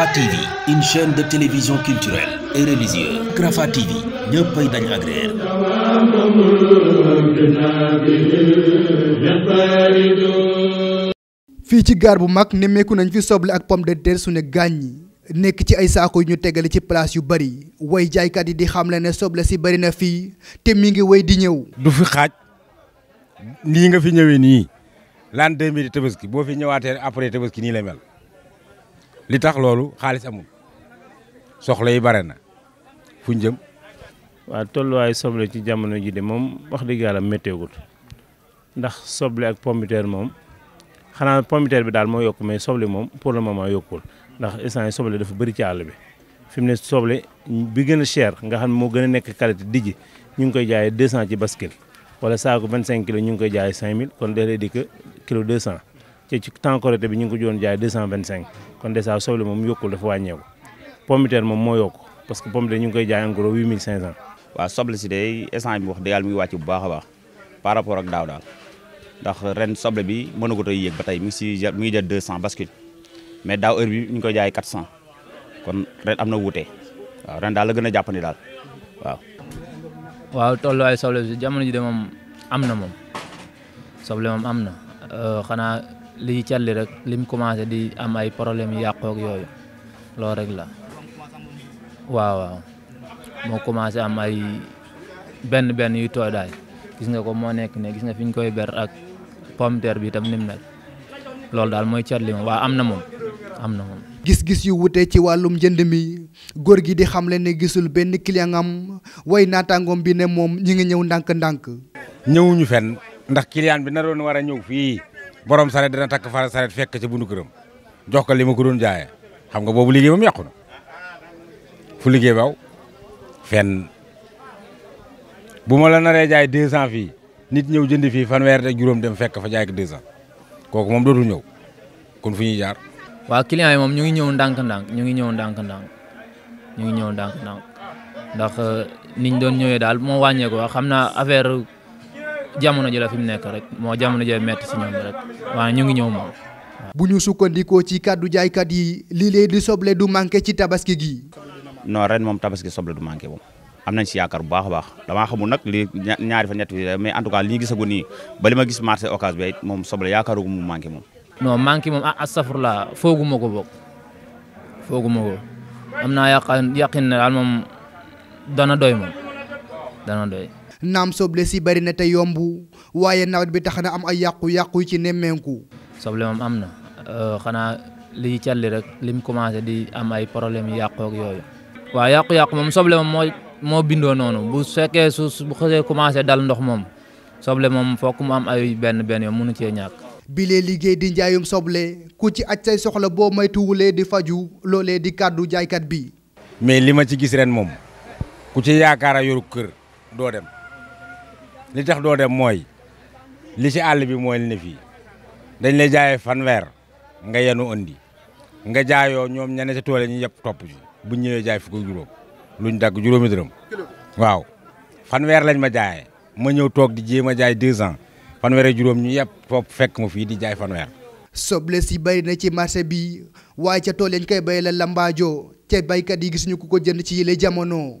Rafah de télévision culturelle et religieuse Rafah TV ñëppay fii ci gaar bu mag nemmeeku nañ fi soble ak pomme de terre su ne gàññi nekk ci ay saako yu ñu tegale ci place yu bari way jaaykat yi di xamle ne soble si bari na fii te mi ngi way di ñëw. du fi xaaj nii nga fi ñëwee nii l'an 2000 tabaski boo fi ñëwaatee après tabaski nii lay mel. li tax loolu xaalis amul soxla yi bare na fu ñu jëm. waaw tolluwaayu soble ci jamono ji de moom wax dëgg yàlla métteegul ndax soble ak pompiteer moom xanaa pompiteer bi daal moo yokk mais soble moom pour le moment yokkul ndax instant yi soble dafa bëri ci àll bi fi mu ne soble bi gën a cher nga xam moo gën a nekk qualité dijji ñu ngi koy jaayee 200 ci bascule wala saako 25 kilos ñu ngi koy jaayee 5000 kon day di que kilo 200. te ci temps Korité bi ñu ngi jaay 225 kon dèjà soble moom yokkul que pommiteer a baax par rapport ak daaw daal soble bi mën na ko tey yéeg ba tey mi ngi si mi ngi jël 200 bascule mais daaw heure bi ñu ngi koy jaay 400 kon ren am na wuute waaw daal la gën a jàppandi daal waaw. waaw tolluwaay soble bi jamono ji de moom am na moom soble moom am na euh, xanaa. lii calli rek lim commencé di am ay problème yu yàqoog yooyu loolu rek la waaw waaw moo commencé am ay benn benn yu tooy daay gis nga ko moo nekk ne gis nga fi ñu koy ber ak pomme terre bi tam nim mel loolu daal mooy catli waa waaw am na moom am na gis-gis yu wute ci wàllum njënd mi góor gi di leen ne gisul benn client am way naataangoom bi ne moom ñi ngi ñëw ndànk-ndànk ñëwuñu fenn ndax client bi naroon war a ñëw fii borom saret dina takk fara saret fekk ca bundu këram jox ko li ma ko doon jaayee xam nga boobu liggéey ba mu fu liggéey baw fenn bu ma la naree jaay 200 fii nit ñëw jënd fii fanweer de juróom dem fekk fa jaay ko 200 kooku moom dootul ñëw kon fu ñuy jaar. waaw client yi moom ñu ngi ñëw ndànk-ndànk ñu ngi ñëw ndànk-ndànk ñu ngi ñëw ndànk-ndànk ndax euh, niñ doon ñëwee daal moo wàññeeku xam naa jamono ji la fi mu nekk rek moo jamono jee metti si ñoom waa waaye ñu ngi ñëw moom. bu ñu sukkandikoo ci kàddu jaaykat yi lii lee di soble du manqué ci tabaski gi. non ren moom tabaski soble du manqué moom am nañ si yaakaar bu baax a baax damaa xamul nag lii ñaari fa ñett bi mais en tout cas li ñu gisagu nii ba li gis marché occasion bi moom soble yaakaaru mu manqué moom. non manqué moom ah astafurla foogu ma ko bokk foogu ma ko am naa yaqin yaqin ne daal moom dana doy moom dana doy. naam soble si bari na te yomb waaye nawet bi tax na am ay yàqu-yàqu ci nemmeeku. soble moom am na euh, xanaa li calli rek lim commencé di am ay problème yu yàqu ak yooyu waaw yàqu-yàqu moom soble moom moo bindoo noonu bu sekee su bu xasee commencé dal ndox moom soble moom fokk mu am ay benn benn yoo mënu cee ñàkk. bilee liggéey di njaayum soble ku ci aj soxla boo moytuwulee di faju loole di kàddu jaaykat bi. mais li ma ci gis ren moom ku ci yaakaar a yoru kër doo dem. li tax doo dem mooy li ci àll bi mooy li ne fii dañ lay jaay fanweer nga yenu andi nga jaayoo ñoom ñene ci tool ñi yëpp topp ci bu ñëwee jaay fukk juróom luñ dagg juróomi dërëm waaw fanweer lañ ma jaayee ma ñëw toog di jéem a jaay deux ans fanweer ak juróom ñu yëpp topp fekk ma fii di jaay fanweer. soble si bari na ci marché bi waaye ca tool yañ koy bay la lambaajo ca baykat yi gisuñu ku ko jënd ci yile jamono.